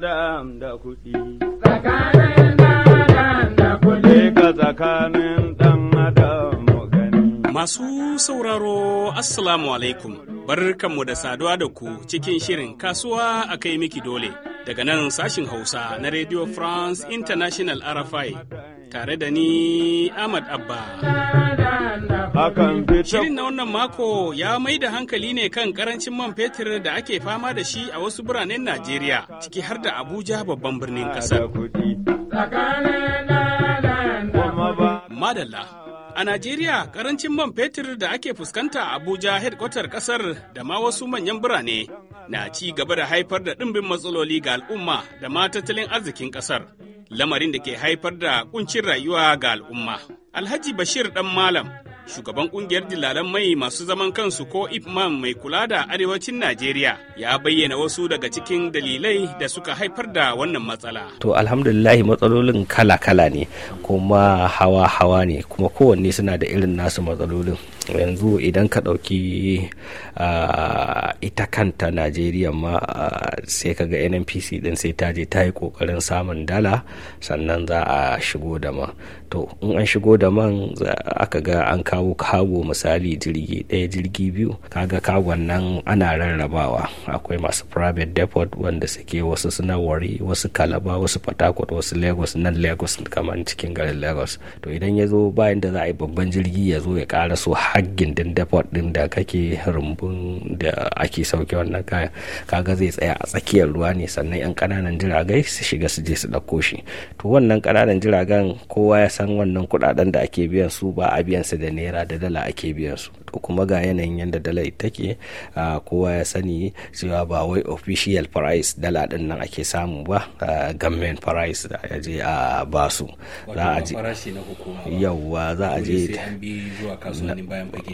dam Ka tsakanin Masu sauraro Assalamu alaikum. Barkanmu da saduwa da ku cikin shirin kasuwa a kai miki dole daga nan sashin Hausa na Radio France International RFI tare da ni Ahmad Abba. Shirin na wannan mako ya mai da hankali ne kan karancin man fetur da ake fama da shi a wasu biranen Najeriya, ciki har da Abuja babban birnin ƙasar. Madalla. A Najeriya, karancin man fetur da ake fuskanta a Abuja headquarter kasar da ma wasu manyan birane na ci gaba da haifar da ɗimbin matsaloli ga al'umma da ma tattalin arzikin kasar. lamarin da ke haifar da kuncin rayuwa ga al'umma. Alhaji Bashir ɗan Malam shugaban kungiyar dillalan mai masu zaman kansu ko ipman mai kula da arewacin najeriya ya bayyana wasu daga cikin dalilai da suka haifar da wannan matsala to alhamdulillahi matsalolin kala-kala ne kuma hawa-hawa ne kuma kowanne suna da irin nasu matsalolin yanzu idan ka ɗauki ita kanta najeriya ma sai ka ga nnpc din sai ta je ta yi ƙoƙarin samun dala sannan za a shigo da man to in an shigo da man aka ga an kawo kawo kago misali jirgi ɗaya jirgi biyu kaga kagon nan ana rarrabawa akwai masu private depot wanda suke wasu suna wari wasu kalaba wasu patakot wasu lagos nan lagos kamar cikin garin lagos to idan ya zo bayan da za a yi babban jirgi ya zo ya kara so haggin din depot din da kake rumbun da ake sauke wannan kaya kaga zai tsaya a tsakiyar ruwa ne sannan yan kananan jiragai su shiga su je su ɗauko shi to wannan kananan jiragen kowa ya san wannan kuɗaɗen da ake biyan su ba a biyan su da ne naira da dala ake biya su ko kuma ga yanayin yadda dala take kowa ya sani cewa ba wai official price dala din nan ake samu ba government price da ya je a basu za a je yawwa za a je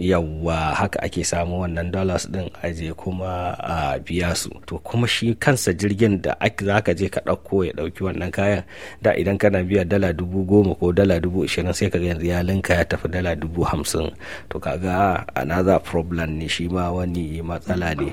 yawwa haka ake samu wannan dollars din a je kuma a biya su to kuma shi kansa jirgin da za ka je ka ɗauko ya ɗauki wannan kayan da idan kana biya dala dubu goma ko dala dubu ashirin sai ka yanzu ya linka ya tafi dala dubu hamsin to kaga another problem ne shi ma wani matsala ne.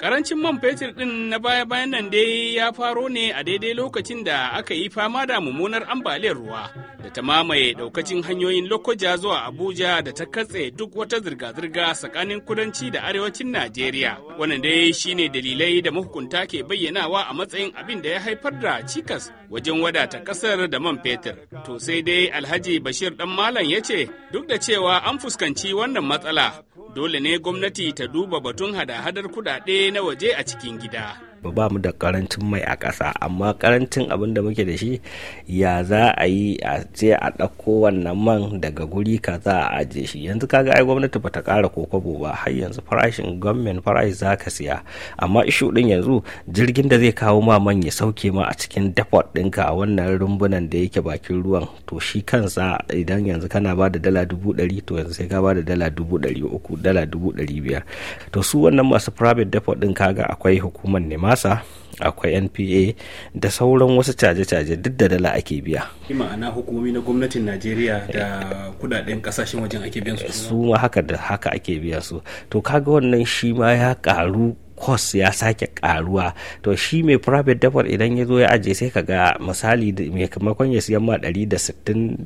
Karancin man fetur ɗin na baya-bayan nan dai ya faro ne a daidai lokacin da aka yi fama da mummunar ambaliyar ruwa da ta mamaye ɗaukacin hanyoyin Lokoja zuwa Abuja da ta katse duk wata zirga-zirga tsakanin kudanci da arewacin Najeriya. Wannan dai shine dalilai da mahukunta ke bayyanawa a matsayin abin da ya haifar da cikas wajen wadata ƙasar da man fetur. To sai dai Alhaji Bashir ɗan Malam ya ce duk da cewa an fuskanci wannan matsala dole ne gwamnati ta duba batun hada-hadar kuɗaɗe na waje a cikin gida. ba mu da karancin mai a ƙasa amma karancin abin da muke da shi ya za a yi a ce a ɗauko wannan man daga guri ka za a ajiye shi yanzu kaga ai gwamnati ba ta ƙara kokobo ba har yanzu farashin gwamnatin farashi za ka siya amma ishu ɗin yanzu jirgin da zai kawo ma man ya sauke ma a cikin depot ɗinka a wannan rumbunan da yake bakin ruwan to shi kansa idan yanzu kana ba da dala dubu ɗari to yanzu sai ka ba da dala dubu ɗari uku dala dubu ɗari biyar to su wannan masu private depot ɗin kaga akwai hukumar nema masa akwai npa da sauran wasu caje-caje duk da dala ake biya ma'ana hukumomi na gwamnatin najeriya da eh. kudaden kasashen wajen ake biyan su su ma haka da haka ake biya su to kaga wannan shi ma ya karu cost ya sake karuwa to shi mai private dabbar idan ya zo ya aje sai kaga ga misali mai kamakon ya siyan ma 165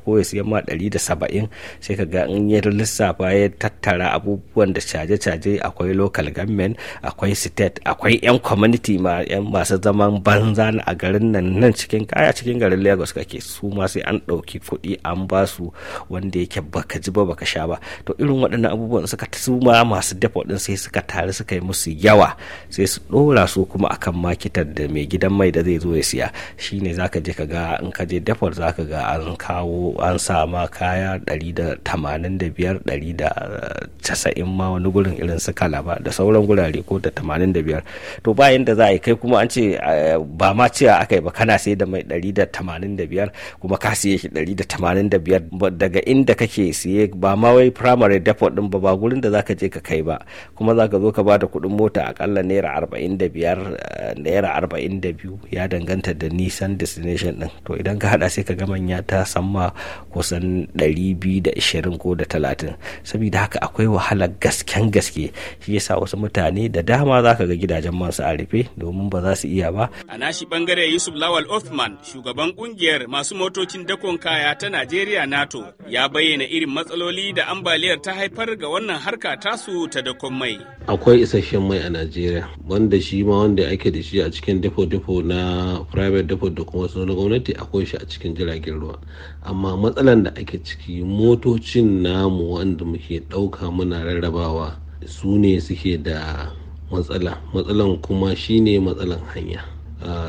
ko ya siyan ma 170 sai kaga ga in ya lissafa ya tattara abubuwan da caje-caje akwai local government akwai state akwai 'yan community ma 'yan masu zaman banza a garin nan nan cikin kaya cikin garin lagos kake su ma sai an ɗauki kuɗi an ba su wanda yake baka ji ba baka sha ba to irin waɗannan abubuwan suka su ma masu dafa ɗin sai suka tare suka yi musu yawa sai su dora su kuma akan makitar da mai gidan mai da zai zo ya siya shine zaka je ka ga in ka je za zaka ga an kawo an sama kaya 185 190 eh, ma wani gurin irin su kalaba da sauran gurare ko da 85 to bayan da za a yi kai kuma an ce eh, ba ma cewa aka yi ba kana sai da mai 185 kuma ka siye shi 185 daga inda kake siye ba ma wai primary depot din ba ba gurin da zaka je ka kai ba kuma zaka zo ka da kuɗin mota ta akalla naira arba'in da biyar eh, naira arba'in da biyu ya danganta da nisan destination din to idan ka hada sai ka ga manya ta samma kusan ɗari biyu da ashirin ko da talatin saboda haka akwai wahalar gasken gaske shi yasa wasu mutane da dama za ka ga gidajen masu a rufe domin ba za su iya ba a nashi bangare yusuf lawal othman shugaban kungiyar masu motocin dakon kaya ta najeriya nato ya bayyana irin matsaloli da ambaliyar ta haifar ga wannan harka tasu ta dakon mai akwai isasshen mai mai a najeriya wanda shi ma wanda ake da shi a cikin dafo-dafo na private dafo da kuma wasu na gwamnati akwai shi a cikin jiragen ruwa amma matsalan da ake ciki motocin namu wanda muke ɗauka muna rarrabawa su ne suke da matsala matsalan kuma shine matsalan hanya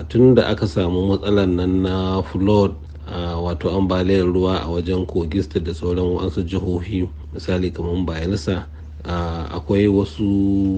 tun da aka samu matsalan nan na flood Uh, wato ambaliyar ruwa a wajen kogista da sauran wasu jihohi misali kamar bayelsa akwai wasu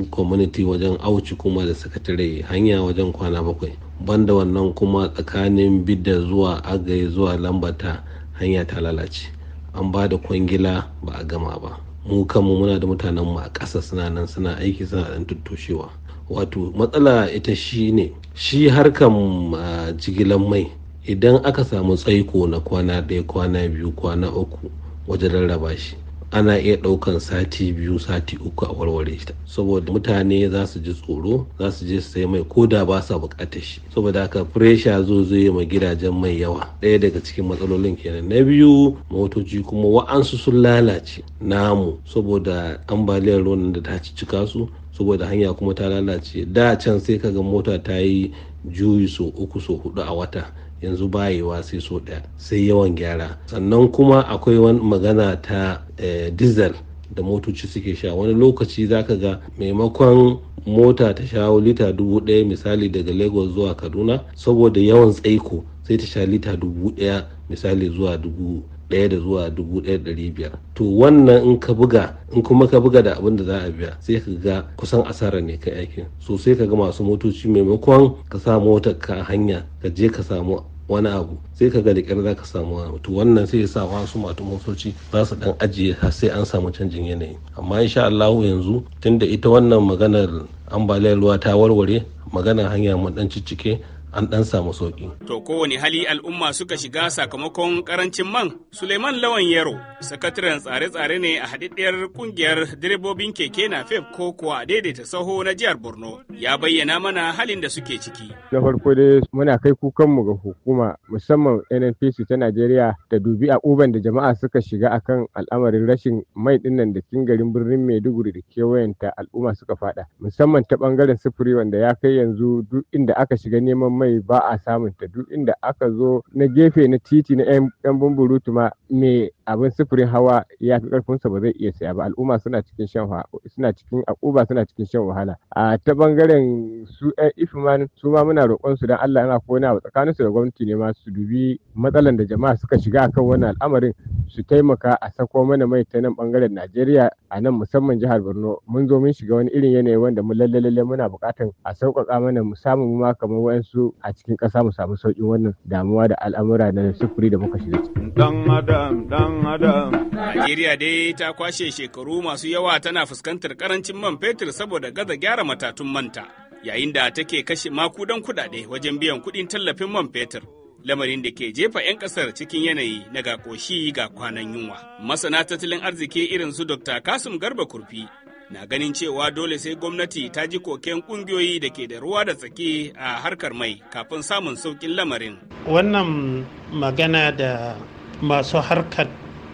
community wajen auci kuma da sakatare hanya wajen kwana bakwai banda wannan kuma tsakanin bidda zuwa agaye zuwa lambata hanya ta lalace an ba da kwangila ba a gama ba mu kanmu muna da mutanen mu a ƙasa suna nan suna aiki suna ɗan tuttoshewa wato matsala ita shi ne shi harkan jigilan mai idan aka samu tsaiko na kwana ɗaya kwana biyu kwana uku wajen rarraba shi ana iya ɗaukan sati biyu sati uku a warware ta saboda mutane za su ji tsoro za su je su sai mai ko da ba sa buƙatar shi saboda haka fresha zo zo yi ma gidajen mai yawa ɗaya daga cikin matsalolin kenan na biyu motoci kuma wa'ansu sun lalace namu saboda ambaliyar ruwan da ta ci cika su saboda hanya kuma ta lalace da can sai kaga mota ta yi juyi so uku sau huɗu a wata yanzu bayewa sai so ɗaya sai yawan gyara sannan kuma akwai wani magana ta eh, diesel da motoci suke sha wani lokaci zaka ga maimakon mota ta shawo lita dubu ɗaya misali daga lagos zuwa kaduna saboda yawan tsaiko sai ta sha lita dubu ɗaya misali zuwa dubu ɗaya da zuwa dubu ɗaya ɗari biyar to wannan in ka buga in kuma ka buga da abin da za a biya sai ka ga kusan asara ne ka aikin Sosai ka ga masu motoci maimakon ka sa motar ka hanya ka je ka samu wani abu sai ka ga da za ka samu wani to wannan sai ya sa wasu matu motoci za su dan ajiye har sai an samu canjin yanayi amma in sha Allah yanzu tunda ita wannan maganar ambaliyar ruwa ta warware maganar hanya mun dan ciccike an ɗan samu sauƙi. To kowane hali al'umma suka shiga sakamakon karancin man, Suleiman Lawan Yaro, sakataren tsare-tsare ne a haɗiɗɗiyar ƙungiyar direbobin keke na fef ko kuwa daidaita saho na jihar Borno, ya bayyana mana halin da suke ciki. Na farko dai muna kai kukanmu ga hukuma musamman NNPC ta Najeriya da dubi a uban da jama'a suka shiga akan al'amarin rashin mai ɗinnan da cikin garin birnin Maiduguri da kewayenta al'umma suka faɗa musamman ta ɓangaren sufuri wanda ya kai yanzu duk inda aka shiga neman mai ba a samunta duk inda aka zo na gefe na titi na yan bumburutu ma me abin sufurin hawa ya fi ƙarfinsa ba zai iya saya ba al'umma suna cikin shan suna cikin akuba suna cikin shan wahala a ta bangaren su ɗan ifiman su ma muna roƙon su dan Allah yana kona a tsakanin su da gwamnati ne ma su dubi matsalan da jama'a suka shiga akan wannan al'amarin su taimaka a sako mana mai ta nan bangaren Najeriya a nan musamman jihar Borno mun zo mun shiga wani irin yanayi wanda mu lalle lalle muna buƙatan a sauƙaƙa mana mu samu mu ma kamar wayansu a cikin ƙasa mu samu sauƙin wannan damuwa da al'amura na sufuri da muka shiga Dan adam dan ɗan adam. Najeriya dai ta kwashe shekaru masu yawa tana fuskantar karancin man fetur saboda gaza gyara matatun manta, yayin da take kashe makudan kuɗaɗe wajen biyan kuɗin tallafin man fetur. Lamarin da ke jefa 'yan ƙasar cikin yanayi na ga koshi ga kwanan yunwa. Masana tattalin arziki irin su Dr. Kasim Garba Kurfi na ganin cewa dole sai gwamnati ta ji koken kungiyoyi da ke da ruwa da tsaki a harkar mai kafin samun sauƙin lamarin. Wannan magana da masu harkar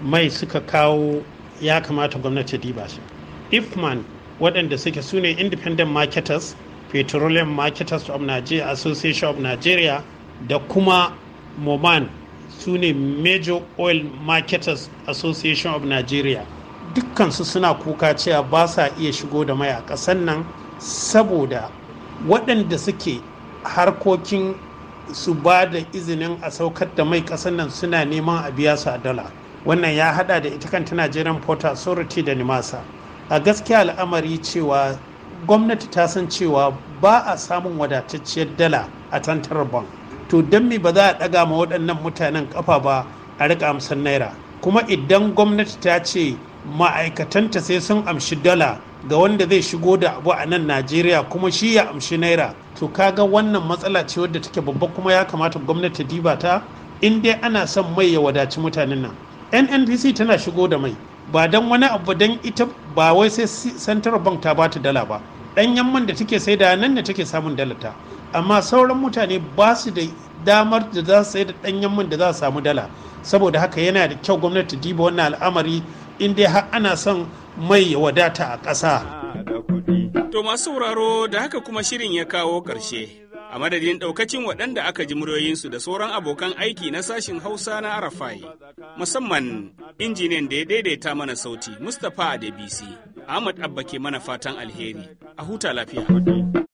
mai suka kawo ya kamata gwamnati diba su ifman waɗanda suke sune ne independent marketers petroleum marketers of nigeria association of nigeria da kuma moman su ne major oil marketers association of nigeria dukkansu suna kuka cewa ba sa iya shigo da mai a ƙasar nan saboda waɗanda suke harkokin su ba da izinin a saukar da mai ƙasar nan suna neman a biya su a dala wannan ya hada da ita kanta nigerian port authority da nimasa a gaskiya al'amari cewa gwamnati ta san cewa ba a samun wadatacciyar dala a tantar bank to don me ba za a ɗaga ma waɗannan mutanen ƙafa ba a rika amsan naira kuma idan gwamnati ta ce ma'aikatanta sai sun amshi dala ga wanda zai shigo da abu a nan najeriya kuma shi ya amshi naira to kaga wannan matsala ce wadda take babba kuma ya kamata gwamnati diba ta in dai ana son mai ya wadaci mutanen nan nnpc tana shigo da mai ba don wani abu don ita ba wai sai central bank ta bata dala ba ɗanyen man da take sai da nan ne take samun dalata amma sauran mutane ba su da damar da za su sai da ɗanyen man da za su samu dala saboda haka yana da kyau gwamnati diba wannan al'amari in dai har ana son mai wadata a ƙasa. To masu sauraro da haka kuma shirin ya kawo ƙarshe. A madadin ɗaukacin waɗanda aka ji muryoyinsu da sauran abokan aiki na sashin Hausa na Arafai, musamman injiniyan da ya daidaita mana sauti, Mustapha Adebisi, Ahmad Abba ke mana fatan alheri, a huta lafiya.